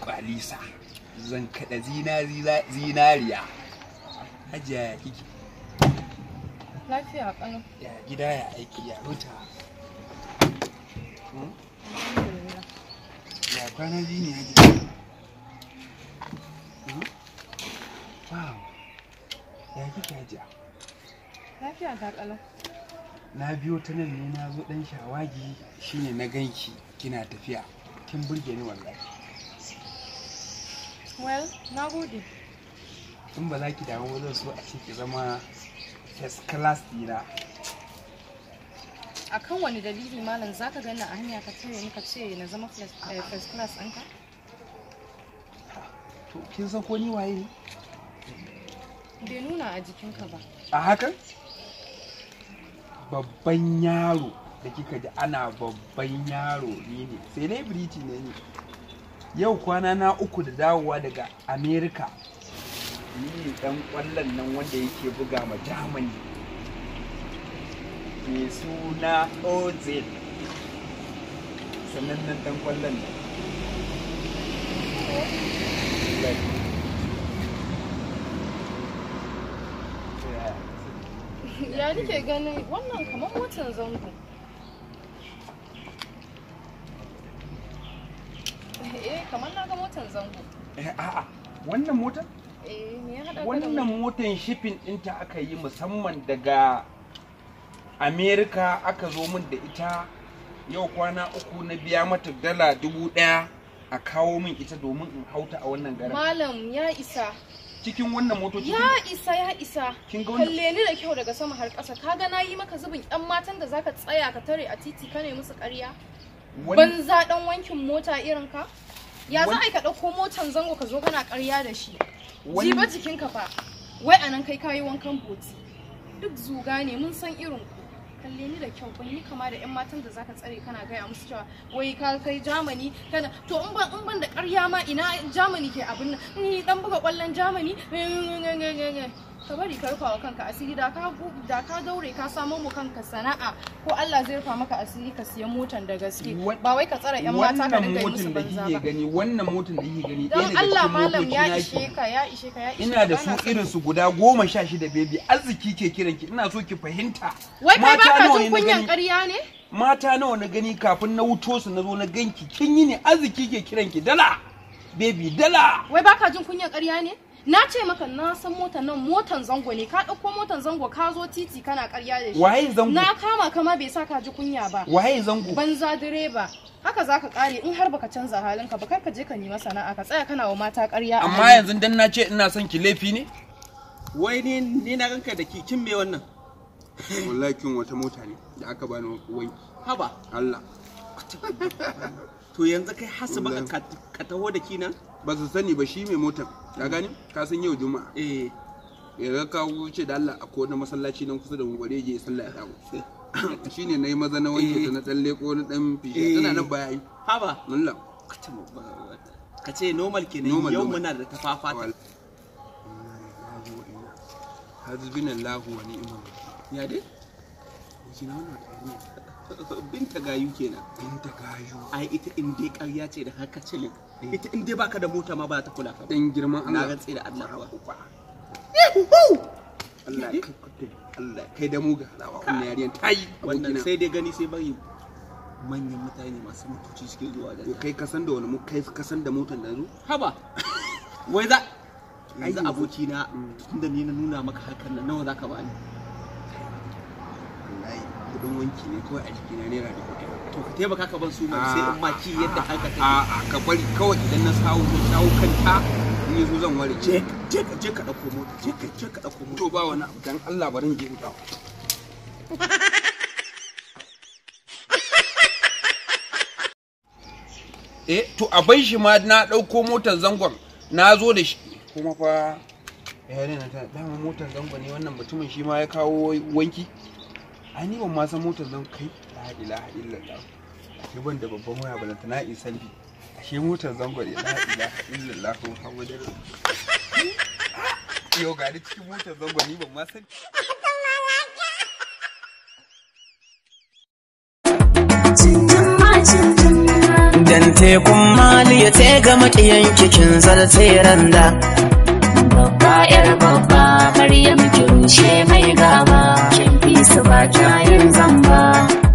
kwalisa zan kada zinariya hajiya ya kike lafiya ya gida ya aiki ya huta hmm? kwana biyu ne wow ya kika lafiya ta na biyo ta nan ne na zo dan shawagi shine na ganki kina tafiya kin burge ni wallahi well na gode in ba za ki dawo zan so a ce ki zama first class dina akan wani dalili malam zaka gani a hanya ka tare ni ka ce na zama first eh, class ɗinka? to kin san ko ni waye ne bai nuna a jikinka ba a hakan babban yaro da kika ji ana babban yaro ni ne celebrity ne ni yau kwana na uku da dawowa daga america ni dan kwallon nan wanda yake buga ma germany mai suna ozil sanannen dan wannan kamar eh, eh, wannan motar eh, wannan motar shifin ɗinta aka yi musamman daga america aka zo min da ita yau kwana uku na biya mata dala dubu daya a kawo min ita domin in hauta a wannan garin malam ya isa cikin wannan motoci ya isa ya isa kalle ni da kyau daga sama har ƙasa kaga na yi maka zubin yan matan da zaka tsaya ka tare a titi ka ne musu ƙarya banza dan wankin mota irin ka ya za a ka ɗauko motan zango ka zo kana ƙarya da shi jiba jikinka fa wai anan kai kayi wankan boti duk zuga ne mun san irin ku kalle ni da kyau ban yi kama da yan matan da zaka tsare kana gaya musu cewa wai ka kai Germany kana to in ban in ban da ƙarya ma ina Germany ke abin nan ni dan buga kwallon Germany ka bari ka rufa wa kanka asiri da ka da ka daure ka samo mu kanka sana'a ko Allah zai rufa maka asiri ka siya motan da gaske ba wai ka tsara yan mata ka dinga yi musu banza ba gani wannan motan da yake gani dan Allah malam ya ishe ka ya ishe ka ya ishe ina da su irin su guda goma sha shida baby arziki ke kiran ki ina so ki fahimta wai kai ba ka jin kunyan ƙarya ne mata nawa na gani kafin na wuto su na zo na ganki kin yi ne arziki ke kiran ki dala baby dala wai baka jin kunyan ƙarya ne na ce maka na san motan nan motan zango ne ka ɗauko motan zango ka zo titi kana karya da shi waye zango na kama kama bai sa ka ji kunya ba waye zango banza direba haka za ka kare in har baka canza halinka ba kar ka je ka nima sana'a ka tsaya kana wa mata karya amma yanzu dan na ce ina son ki laifi ne wai ni ni na ganka da ki kin me wannan wallahi kin wata mota ne da aka bani wai haba Allah to yanzu kai hasaba ka taho da kina? ba su sani ba shi mai motar ka gani ka san yau juma'a eh ya ga kawo wuce da Allah a kowane masallaci nan kusa da mu bare je sallah ya dawo shine nayi maza na wanke ta na tsalle ko na dan fishi eh. tana nan baya ba Allah ka ce normal kenan yau muna da tafafata hasbin Allah wa ni'mal ya dai kina wannan binta gayu kenan binta gayu ai ita in dai ƙarya ce da haka cilin Mm. ita in dai baka da mota ma ba ta kula ka dan girman Allah na rantsi da Allah ba Allah kai Allah kai da muga wannan yariyan tai wannan sai dai gani sai bari manyan mutane masu motoci suke zuwa da kai ka san da wani mu kai ka san da motar da zo haba wai za yanzu aboki na mm. tunda ni na nuna maka hakan nan nawa zaka bani wallahi kudin wanki ne kawai a jikina naira da kuke to ka taimaka ka ban sunan sai ah. in maki yadda haka take a ah, ka bari kawai idan na sawo na sawo kanta in yazo zan wari, je je ka je ka dauko mota je ka je ka dauko mota to ba wani dan Allah bari in je in eh to a bai shi ma na dauko motar zangon na zo da shi kuma fa yare na ta dama motar zangon ne wannan mutumin shi ma ya kawo wanki ni ban ma san motar nan kai la ilaha illallah sai ban da babban waya balanta na isa bi ashe motar zango ne la ilaha illallah muhammadu yau ga ni cikin motar zango ni ban ma san Dan tekun mali ya te ga maƙiyan kikin zartseren da. Babba 'yar babba, Maryam ki rushe mai gaba. su ba ta yin zamba